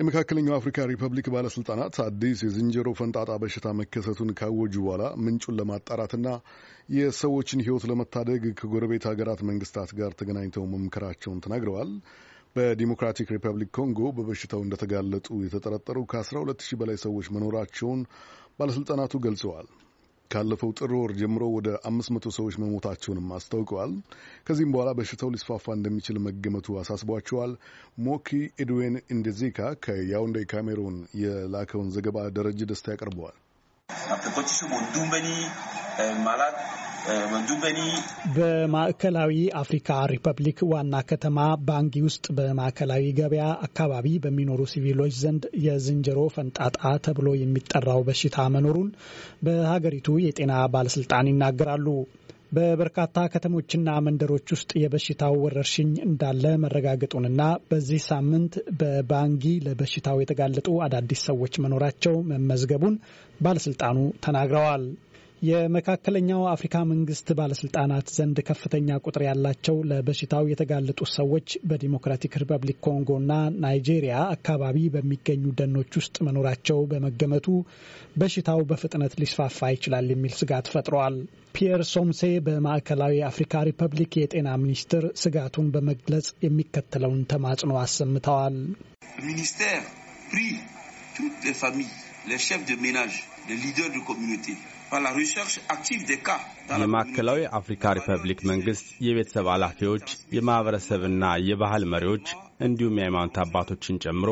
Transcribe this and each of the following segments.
የመካከለኛው አፍሪካ ሪፐብሊክ ባለስልጣናት አዲስ የዝንጀሮ ፈንጣጣ በሽታ መከሰቱን ካወጁ በኋላ ምንጩን ለማጣራትና የሰዎችን ሕይወት ለመታደግ ከጎረቤት ሀገራት መንግስታት ጋር ተገናኝተው መምከራቸውን ተናግረዋል። በዲሞክራቲክ ሪፐብሊክ ኮንጎ በበሽታው እንደተጋለጡ የተጠረጠሩ ከ12000 በላይ ሰዎች መኖራቸውን ባለስልጣናቱ ገልጸዋል። ካለፈው ጥር ወር ጀምሮ ወደ 500 ሰዎች መሞታቸውንም አስታውቀዋል። ከዚህም በኋላ በሽታው ሊስፋፋ እንደሚችል መገመቱ አሳስቧቸዋል። ሞኪ ኤድዌን እንደዚካ ከያውንዴ ካሜሩን የላከውን ዘገባ ደረጀ ደስታ ያቀርበዋል። በማዕከላዊ አፍሪካ ሪፐብሊክ ዋና ከተማ ባንጊ ውስጥ በማዕከላዊ ገበያ አካባቢ በሚኖሩ ሲቪሎች ዘንድ የዝንጀሮ ፈንጣጣ ተብሎ የሚጠራው በሽታ መኖሩን በሀገሪቱ የጤና ባለስልጣን ይናገራሉ። በበርካታ ከተሞችና መንደሮች ውስጥ የበሽታው ወረርሽኝ እንዳለ መረጋገጡንና በዚህ ሳምንት በባንጊ ለበሽታው የተጋለጡ አዳዲስ ሰዎች መኖራቸው መመዝገቡን ባለስልጣኑ ተናግረዋል። የመካከለኛው አፍሪካ መንግስት ባለስልጣናት ዘንድ ከፍተኛ ቁጥር ያላቸው ለበሽታው የተጋለጡ ሰዎች በዲሞክራቲክ ሪፐብሊክ ኮንጎ እና ናይጄሪያ አካባቢ በሚገኙ ደኖች ውስጥ መኖራቸው በመገመቱ በሽታው በፍጥነት ሊስፋፋ ይችላል የሚል ስጋት ፈጥረዋል። ፒየር ሶምሴ በማዕከላዊ አፍሪካ ሪፐብሊክ የጤና ሚኒስትር ስጋቱን በመግለጽ የሚከተለውን ተማጽኖ አሰምተዋል። ሚኒስቴር ፕሪ ቱት ፋሚል ሌ ደ ሜናጅ ለሊደር ሊደር ደ ኮሚኒቴ የማዕከላዊ አፍሪካ ሪፐብሊክ መንግስት የቤተሰብ ኃላፊዎች፣ የማኅበረሰብና የባህል መሪዎች እንዲሁም የሃይማኖት አባቶችን ጨምሮ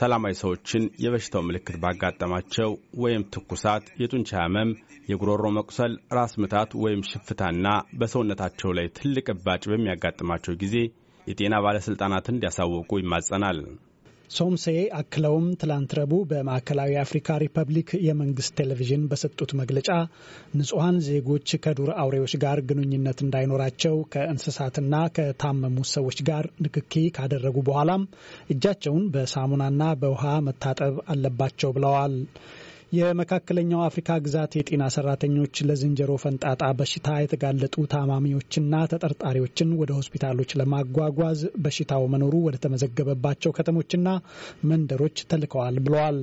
ሰላማዊ ሰዎችን የበሽታው ምልክት ባጋጠማቸው ወይም ትኩሳት፣ የጡንቻ ህመም፣ የጉሮሮ መቁሰል፣ ራስ ምታት ወይም ሽፍታና በሰውነታቸው ላይ ትልቅ እባጭ በሚያጋጥማቸው ጊዜ የጤና ባለሥልጣናትን እንዲያሳውቁ ይማጸናል። ሶምሴ አክለውም ትላንት ረቡዕ በማዕከላዊ አፍሪካ ሪፐብሊክ የመንግስት ቴሌቪዥን በሰጡት መግለጫ ንጹሐን ዜጎች ከዱር አውሬዎች ጋር ግንኙነት እንዳይኖራቸው ከእንስሳትና ከታመሙ ሰዎች ጋር ንክኪ ካደረጉ በኋላም እጃቸውን በሳሙናና በውሃ መታጠብ አለባቸው ብለዋል። የመካከለኛው አፍሪካ ግዛት የጤና ሰራተኞች ለዝንጀሮ ፈንጣጣ በሽታ የተጋለጡ ታማሚዎችና ተጠርጣሪዎችን ወደ ሆስፒታሎች ለማጓጓዝ በሽታው መኖሩ ወደ ተመዘገበባቸው ከተሞችና መንደሮች ተልከዋል ብለዋል።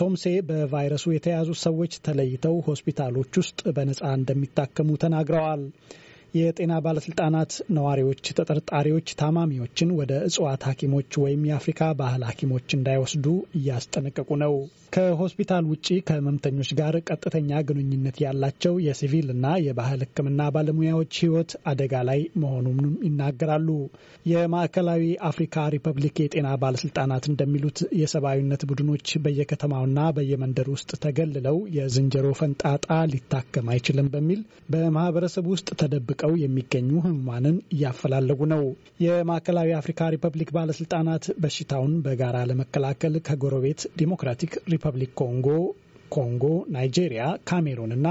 ሶምሴ በቫይረሱ የተያዙ ሰዎች ተለይተው ሆስፒታሎች ውስጥ በነጻ እንደሚታከሙ ተናግረዋል። የጤና ባለስልጣናት ነዋሪዎች ተጠርጣሪዎች ታማሚዎችን ወደ እጽዋት ሐኪሞች ወይም የአፍሪካ ባህል ሐኪሞች እንዳይወስዱ እያስጠነቀቁ ነው። ከሆስፒታል ውጪ ከህመምተኞች ጋር ቀጥተኛ ግንኙነት ያላቸው የሲቪል እና የባህል ሕክምና ባለሙያዎች ህይወት አደጋ ላይ መሆኑንም ይናገራሉ። የማዕከላዊ አፍሪካ ሪፐብሊክ የጤና ባለስልጣናት እንደሚሉት የሰብአዊነት ቡድኖች በየከተማውና በየመንደር ውስጥ ተገልለው የዝንጀሮ ፈንጣጣ ሊታከም አይችልም በሚል በማህበረሰብ ውስጥ ተደብቀ ተጠብቀው የሚገኙ ህሙማንን እያፈላለጉ ነው። የማዕከላዊ አፍሪካ ሪፐብሊክ ባለስልጣናት በሽታውን በጋራ ለመከላከል ከጎረቤት ዲሞክራቲክ ሪፐብሊክ ኮንጎ ኮንጎ፣ ናይጄሪያ፣ ካሜሩን እና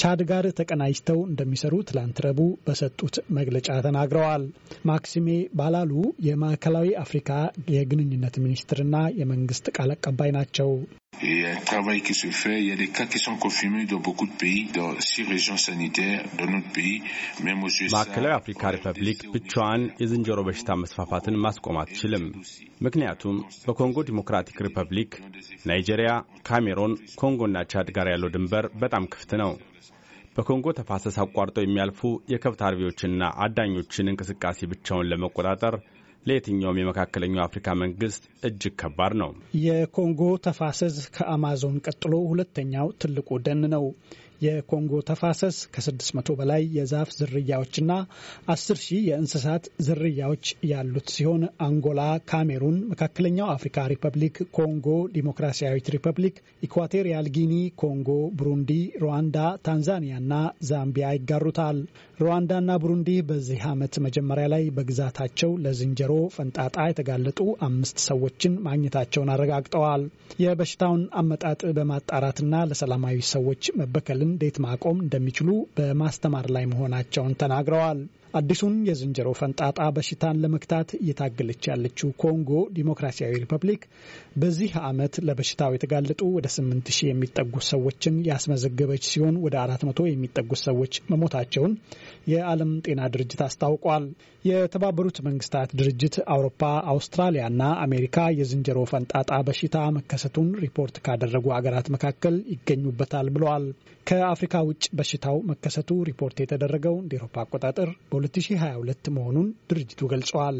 ቻድ ጋር ተቀናጅተው እንደሚሰሩ ትላንት ረቡዕ በሰጡት መግለጫ ተናግረዋል። ማክሲሜ ባላሉ የማዕከላዊ አፍሪካ የግንኙነት ሚኒስትርና የመንግስት ቃል አቀባይ ናቸው። Et un travail qui se fait, il y a des cas qui sont confirmés dans beaucoup de pays, dans six régions sanitaires dans notre pays, même aux USA. ማዕከላዊ አፍሪካ ሪፐብሊክ ብቻዋን የዝንጀሮ በሽታ መስፋፋትን ማስቆም አትችልም። ምክንያቱም በኮንጎ ዲሞክራቲክ ሪፐብሊክ፣ ናይጄሪያ፣ ካሜሮን፣ ኮንጎና ቻድ ጋር ያለው ድንበር በጣም ክፍት ነው። በኮንጎ ተፋሰስ አቋርጠው የሚያልፉ የከብት አርቢዎችና አዳኞችን እንቅስቃሴ ብቻውን ለመቆጣጠር ለየትኛውም የመካከለኛው አፍሪካ መንግስት እጅግ ከባድ ነው። የኮንጎ ተፋሰስ ከአማዞን ቀጥሎ ሁለተኛው ትልቁ ደን ነው። የኮንጎ ተፋሰስ ከ600 በላይ የዛፍ ዝርያዎችና 10 ሺህ የእንስሳት ዝርያዎች ያሉት ሲሆን አንጎላ፣ ካሜሩን፣ መካከለኛው አፍሪካ ሪፐብሊክ፣ ኮንጎ ዲሞክራሲያዊት ሪፐብሊክ፣ ኢኳቴሪያል ጊኒ፣ ኮንጎ፣ ቡሩንዲ፣ ሩዋንዳ፣ ታንዛኒያና ዛምቢያ ይጋሩታል። ሩዋንዳና ቡሩንዲ በዚህ ዓመት መጀመሪያ ላይ በግዛታቸው ለዝንጀሮ ፈንጣጣ የተጋለጡ አምስት ሰዎችን ማግኘታቸውን አረጋግጠዋል። የበሽታውን አመጣጥ በማጣራትና ለሰላማዊ ሰዎች መበከል ። እንዴት ማቆም እንደሚችሉ በማስተማር ላይ መሆናቸውን ተናግረዋል። አዲሱን የዝንጀሮ ፈንጣጣ በሽታን ለመግታት እየታገለች ያለችው ኮንጎ ዲሞክራሲያዊ ሪፐብሊክ በዚህ ዓመት ለበሽታው የተጋለጡ ወደ 8000 የሚጠጉ ሰዎችን ያስመዘገበች ሲሆን ወደ 400 የሚጠጉ ሰዎች መሞታቸውን የዓለም ጤና ድርጅት አስታውቋል። የተባበሩት መንግስታት ድርጅት፣ አውሮፓ፣ አውስትራሊያና አሜሪካ የዝንጀሮ ፈንጣጣ በሽታ መከሰቱን ሪፖርት ካደረጉ አገራት መካከል ይገኙበታል ብለዋል። ከአፍሪካ ውጭ በሽታው መከሰቱ ሪፖርት የተደረገው እንደ ኤሮፓ አቆጣጠር በ2022 መሆኑን ድርጅቱ ገልጿል።